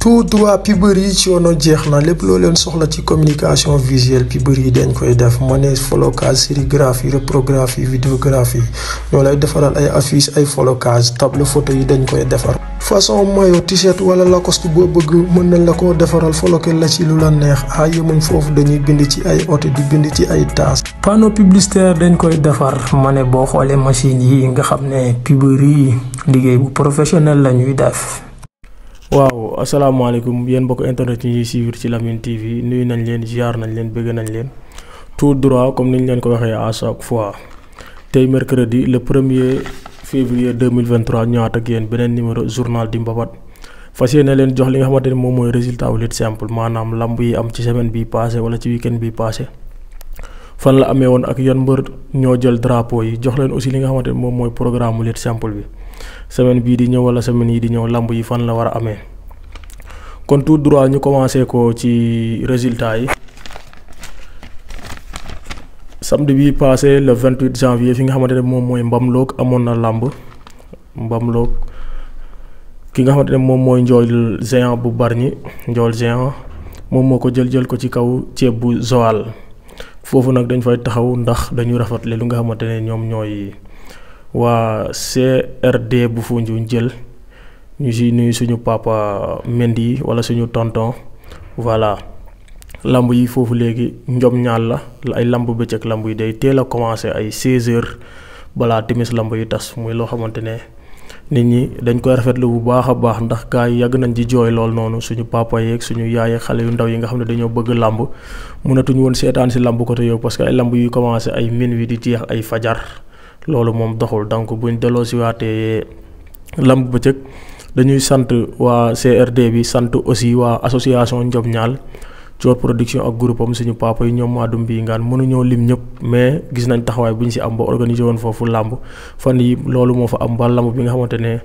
tout droit pibër yi ci yoonu jeex na lépp loo soxla ci communication visuelle pibër yi dañ koy def ne manège flocage sérigraphie reprographie vidéographie ñoo lay defaral ay affiche ay flocage table photo yi dañ koy defar façon maillot t-shirt wala lacoste boo bëgg mën nañ la ko defaral floqué la ci lu la neex a ah, yemuñ foofu dañuy bind ci ay oto di bind ci ay taas panneau publicitaire dañ koy defar ma ne boo xoolee machine yi nga xam ne pibër yi liggéey bu professionnel la ñuy def waaw asalaamaaleykum yéen bokk internet yi si suivre ci lamine TV nuyu nañ leen ziar nañ leen bëgg nañ leen tout droit comme niñ leen ko waxee à chaque fois tey mercredi le premier février 2023 ñaat ak yéen beneen numéro journal di mbabat fas yéene leen jox li nga xamante ni moom mooy résultat simple maanaam lamb yi am ci semaine bi passé wala ci week-end bi passé fan la amee woon ak yan mbër ñoo jël drapeau yi jox leen aussi li nga xamante ni moom programme simple bi semaine bii di ñëw wala semaine yi di ñëw lamb yi fan la war amee kon tout droit ñu commencé ko ci résultat yi. samedi bi passé le 28 janvier fi nga xamante ne moom mooy Mbamloog amoon na làmb Mbamloog ki nga xamante ne moom mooy njool géant bu bari Bargny njool géant moom moo ko jël jël ko ci kaw ceeb bu Joal foofu nag dañ fay taxaw ndax dañu rafetle lu nga xamante ne ñoom ñooy. waa CRD bu Foundiougne jël ñu si nuyu suñu papa Mendy wala suñu tonton voilà lamb yi foofu léegi njom ñaal la ay lamb bëccëg lamb yi day teel a commencé ay 16 heures balaa timis lamb yu tas muy loo xamante ne nit ñi dañ koy rafetlu bu baax a baax ndax gars yàgg nañ ci jooy lool noonu suñu papa yeeg suñu yaay xale yu ndaw yi nga xam ne dañoo bëgg làmb mënatuñ woon seetaan si lamb côté yow parce que ay lamb yuy commencé ay minuit di jeex ay fajar. loolu moom doxul donc buñ delloo si waatee lamb bëccëg dañuy sant waa CRD bi sant aussi waa association Ndiob ñaal Thior production ak groupe suñu papa yi ñoom Maadou Mbingaan mënuñoo lim ñëpp mais gis nañ taxawaay bu ñu si am ba organisé woon foofu làmb fan yi loolu moo fa am ba làmb bi nga xamante ne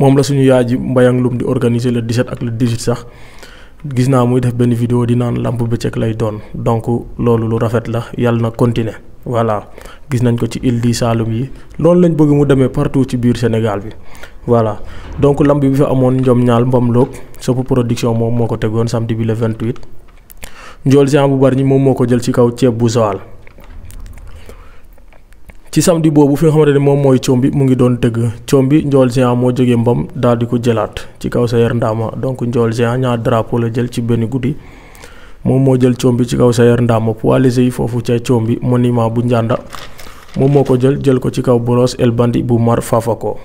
moom la suñu yaay ji mbayang lum di organiser le 17 ak le 18 sax gis naa muy def benn vidéo di naan làmb bëccëg lay doon donc loolu lu rafet la yàlla na continuer voilà gis nañ ko ci île di salum yi loolu lañ bëgg mu demee partout ci biir sénégal bi voilà donc lamb bi fi amoon njom ñaal mbam loog sopu production moom moo ko tegoon samedi bi le 28 njool jean bu bari moom moo ko jël ci kaw ceeb bu soal ci samedi boobu fi nga xamante ne moom mooy combi mu ngi doon tëgg combi njool jean moo jógee mbam daal di ko jëlaat ci kaw sa yer ndaama donc njool jean ñaar drapeau la jël ci benn guddi Momo mo jël combi ci kaw sayar ndàmm poilise yi fofu ci combi monument bu njanda moom moko ko jël jël ko ci kaw boros el bandi bu mar fafako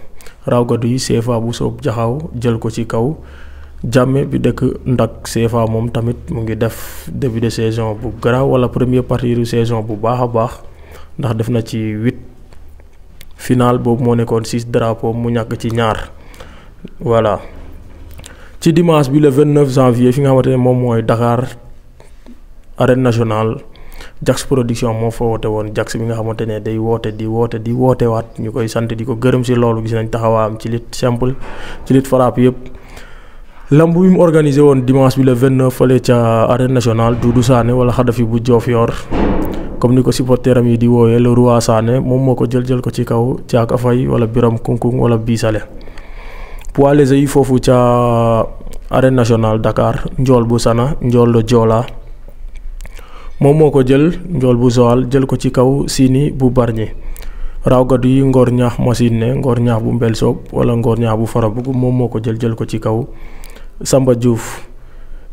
raw gadu yi sefa bu sop jaxaw jël ko ci kaw jamme bi dekk ndak seefa mom tamit mu ngi def début de saison bu garaaw wala première partie de saison bu baax a baax ndax def na ci 8 final boobu moo nekkoon 6 drapeau mu ñak ci ñaar voilà ci dimanche bi le 29 janvier fi nga xamante mom moy Dakar arène nationale Jax production moo fa woote woon Jax bi nga xamante ne day woote di woote di woote waat ñu koy sant di ko gërëm si loolu gis nañ am ci lutte simple ci lutte frappe yëpp. lamb bi mu organisé woon dimanche bi le 29 fële ca arène nationale Doudou Sané wala Xadafi bu Diofior comme ni ko supporteram yi di wooyee le roi Sané moom moo ko jël jël ko ci kaw Thiaka Faye wala Biram Kunkung wala Bisale poids léger yi foofu ca ar nationale Dakar njool bu Sana njool la moom moo ko jël njool bu zoal jël ko ci kaw sini bu barñe raw gadu yi ngor ñaax machine ne ngor ñaax bu mbel soog wala ngor ñaax bu farabug moom moo ko jël jël ko ci kaw samba diouf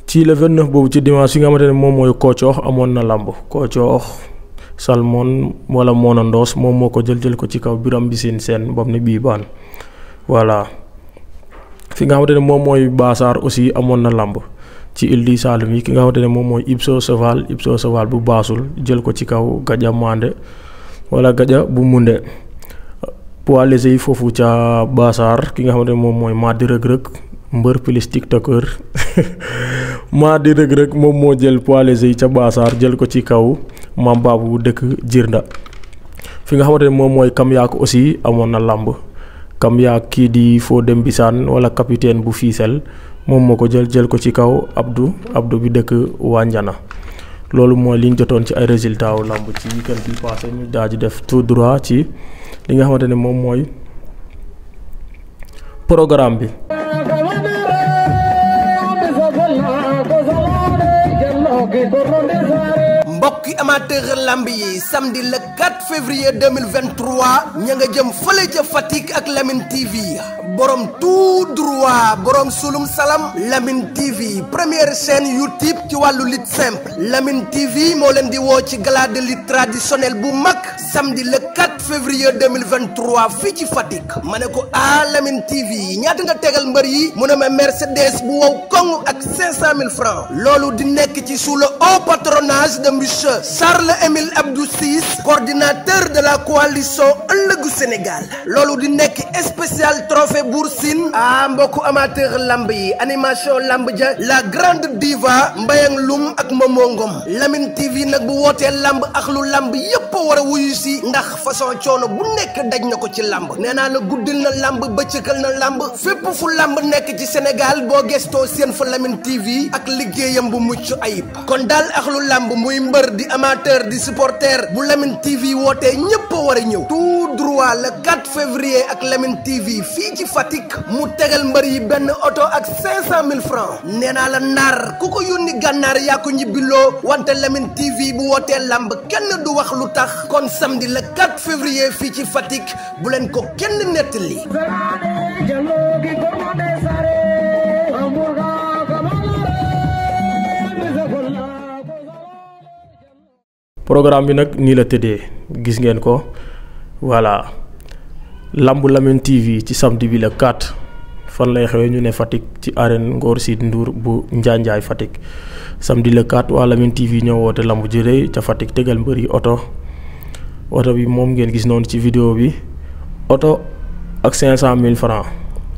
ci le 29 boobu ci dimanche yi nga xamante ne moom mooy koocoox amoon na làmb koocoox salmon wala monondos moom moo ko jël jël ko ci kaw biram bisin sen bam ne bii baan voilà fi nga xamante ne moom mooy baasaar aussi amoon na lamb ci ildi salim yi ki nga xamantene mom moy Ipso soval Ipso bu basul jël ko ci kaw gaja mande wala gaja bu munde poids léger yi fofu ca basar ki nga xamantene mom moy ma Reug Reug mbeur plus tiktoker Madi Reug Reug mom mo jël poids léger yi ci basar jël ko ci kaw mam babu dekk Jirnda fi nga xamantene mom moy kam yak aussi amona lamb kam yak ki di fo dem bisan wala capitaine bu fisel moom moo ko jël jël ko ci kaw Abdou Abdou bi dëkk Wandiana loolu mooy liñ jotoon ci ay résultat wu làmb ci weekend bi passé ñu daal di def tout droit ci li nga xamante ne moom mooy programme bi. amateur l'ambier samedi le 4 février 2023 ña nga jëm de fatigue fatik ak Lamine TV borom tout droit borom sulum salam Lamine TV première chaîne YouTube ci walu lit simple Lamine TV mo leen di wo ci gala de lit traditionnel bu mak samedi le 4 février 2023 fi ci Fatik... à ne ko ah, Lamine TV ñaat nga tégal mbeur yi mu ne ma Mercedes bu wow kong ak 500000 francs lolu di nekk ci sous le haut patronage de monsieur charles Emile Abdou Sis, coordinateur de la coalition ëllëgu Sénégal Lolo di nek spécial trophée Boursine. ah mbokku amateur Lambi, animation lamb la grande diva Mbayang Loum ak momongom. Lamine TV nak bu wote lamb ak lu lamb yep wara a wuyu si ndax façon choono bu nek daj nako ci lamb Nena naa la guddil na lamb bëccëgal na lamb fépp fu lamb nek ci Sénégal bo gesto sen fa Lamine TV ak liggéeyam bu mucc ayib kon dal ak lu lamb muy mbeur di amateur di supporter bu Lamine TV wootee ñépp a war a ñëw tout droit le 4 février ak Lamine TV fii ci Fatick mu tegal mbër yi benn oto ak 500 000 francs nee naa la naar ku ko yónni gànnaar yaa ko ñibbiloo wante Lamine TV bu wootee lamb kenn du wax lu tax kon samedi le 4 février fii ci Fatick bu leen ko kenn nettali programme bi nak ni la tédé gis ngeen ko voilà lamb lamine tv ci samedi bi le 4 fan lay xewé ñu né Fatik ci arène Ngor Sid Ndour bu Njanjay Fatik samedi le 4 wa Lamine TV ñoo wote lamb ju reey ca Fatik tegal mbeuri auto auto bi mom ngeen gis non ci vidéo bi auto ak 500000 francs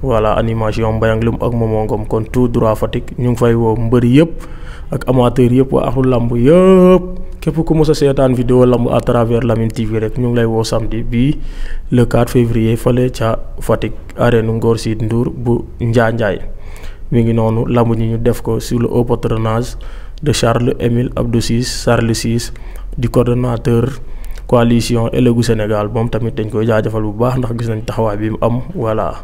voilà animation bayanglum lum ak momo ngom kon tout droit Fatik ñu fay wo mbeuri yépp ak amateur yépp wa akhul lamb yépp képp ku mos a seetaan vidéo lamb à travers Lamyn TV rek ñu ngi lay woo samedi bi le 4 février fale ca fatik arenu Ngor si Ndour bu Njaanjaay mi ngi noonu lamb ñi ñu def ko sur le haut patronage de Charles emile Abdou sis Charles sis di coordonnateur coalition elegu Sénégal moom tamit dañ koy jaajëfal bu baax ndax gis nañ taxawaay bi am voilà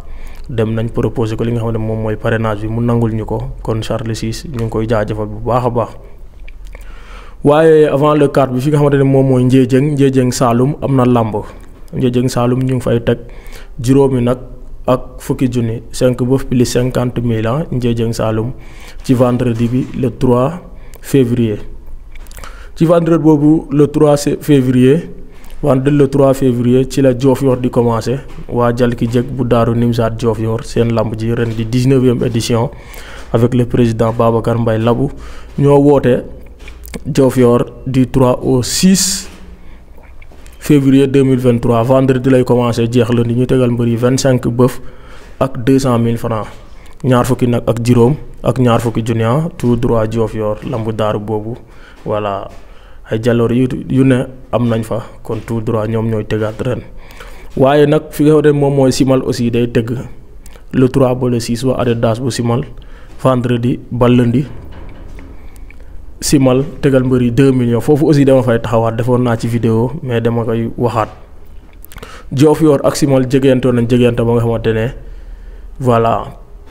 dem nañ proposer ko li nga xam ne moom mooy parrainage bi mu nangul ñu kon Charles sis ñu ngi koy jaajëfal bu baax baax waaye avant le cadre bi fi nga xamante ne moom mooy Ndiédiène Ndiédiène Saloum am na làmb Ndiédiène Saloum ñu ngi fay teg juróomi nag ak fukki junni cinq ba plus cinquante mille ans Ndiédiène Saloum ci vendredi bi le 3 février. ci vendredi boobu le 3 février vendredi le 3 février ci la yor di commencé waa Jalki Jëg bu Daaru Nimsaat yor seen lamb ji ren di 19e édition avec le président Babacar mbay Labou ñoo woote. Diofior du 3 au 6 février 2023 vendredi lay commencé jeex le ni ñu tegal mbër 25 bœuf ak 200 000 francs ñaar fukki nak ak juróom ak ñaar fukki junior. Ah, tout droit Diofior lambu daru bobu. voilà ay jaloor yu yu ne am nañ fa kon tout droit ñom ñoy tëggaat ren waye nak fi nga xam ne moom simal aussi day tëgg le 3 ba le 6 wa arrêt bu simal vendredi ba lundi simal tegal mbër yi 2 millions foofu aussi dama fay taxawaat defoon naa ci vidéo mais dama koy waxaat joof yoor ak simal jegeyantoo nañ jegeyante ba nga xamante ne voilà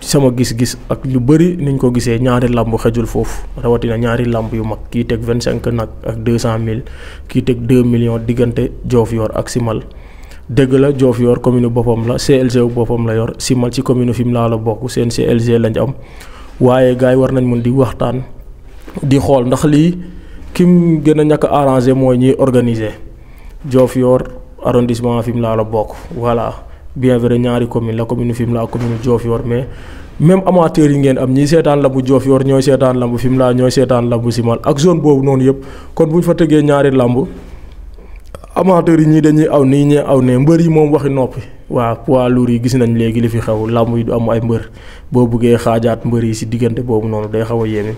sama gis-gis ak lu bëri nuñ ko gisee ñaari làmb xejul foofu rawatina ñaari làmb yu mag kii teg vingt cinq nag ak mille kii teg 2 millions diggante joof yoor ak simal dëgg la joof yoor commune boppam la CLG boppam la yor simal ci commune fi mu laa la bokk seen CLG lañ am waaye gars war nañ mun di waxtaan. di xool ndax lii kim gën a ñàkk a arrangé mooy ñuy organiser Diofior arrondissement Fimela la bokk voilà bien vrai ñaari commune la commune Fimela ak commune Diofior mais même amateurs yi ngeen am ñi seetaan lambu Diofior ñooy seetaan lambu Fimela ñooy seetaan si Simal ak zone boobu noonu yëpp kon bu ñu fa tëggee ñaari lamb amateurs yi ñii dañuy aw ni ñee aw ne mbër yi moom waxi noppi waa poids lourds yi gis nañ léegi li fi xew lamb yi du am ay mbër boo buggee xaajaat mbër yi si diggante boobu noonu day xaw a yéeme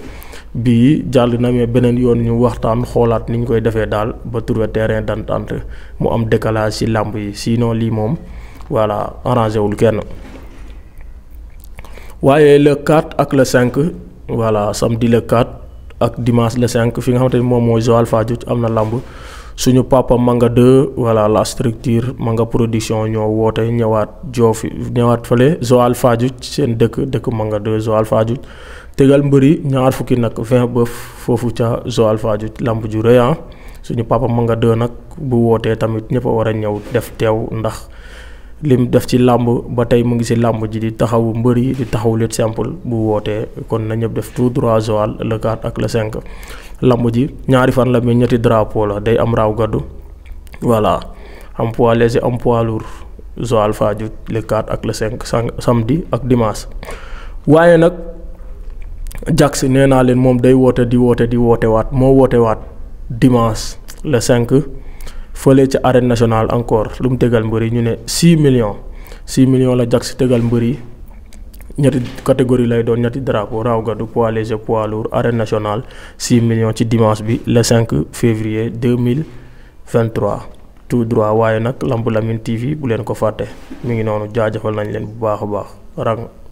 bii jàll na mais beneen yoon ñu waxtaan xoolaat ni ñu koy defee daal ba trouver terrain d'entente mu am décalage ci làmb yi sinon lii moom voilà arrangé wul kenn. waaye le 4 ak le cinq voilà samedi le 4 ak dimanche le 5 fi nga xamante ni moom mooy Joal Fadiouth am na làmb suñu pàppam Manga 2 voilà la structure Manga production ñoo woote ñëwaat joofi ñëwaat fële Joal Fadiouth seen dëkk dëkk Manga 2 Joal Fadiouth tegal mbëri ñaar fukki nak 20 bëf fofu ca zo alpha ju lamb ju rëy ah. suñu papa ma nga de nak bu wote tamit ñepp wara ñew def tew ndax lim def ci lamb ba tay mu ngi ci lamb ji di taxaw mbëri di taxaw le simple bu wote kon na ñepp def tout droit zo al le 4 ak le 5 lamb ji ñaari fan la mais ñetti drapeau la day am raw gadu voilà am poids léger am poids lourd alpha ju le 4 ak le 5 samedi ak dimanche waye nak Jax nee naa leen moom day woote di woote di woote waat moo woote waat dimanche le 5 fële ci arène nationale encore lu mu tegal mbëri yi ñu ne 6 millions 6 millions la Jax tegal mbër yi ñetti catégorie lay doon ñetti drapeau raw gàddu poids léger poids lourd arène nationale 6 millions ci dimanche bi le 5 février 2023 tout droit waaye nag Lamp Lamine TV bu leen ko fàtte mu ngi noonu jaajëfal nañ leen bu baax a baax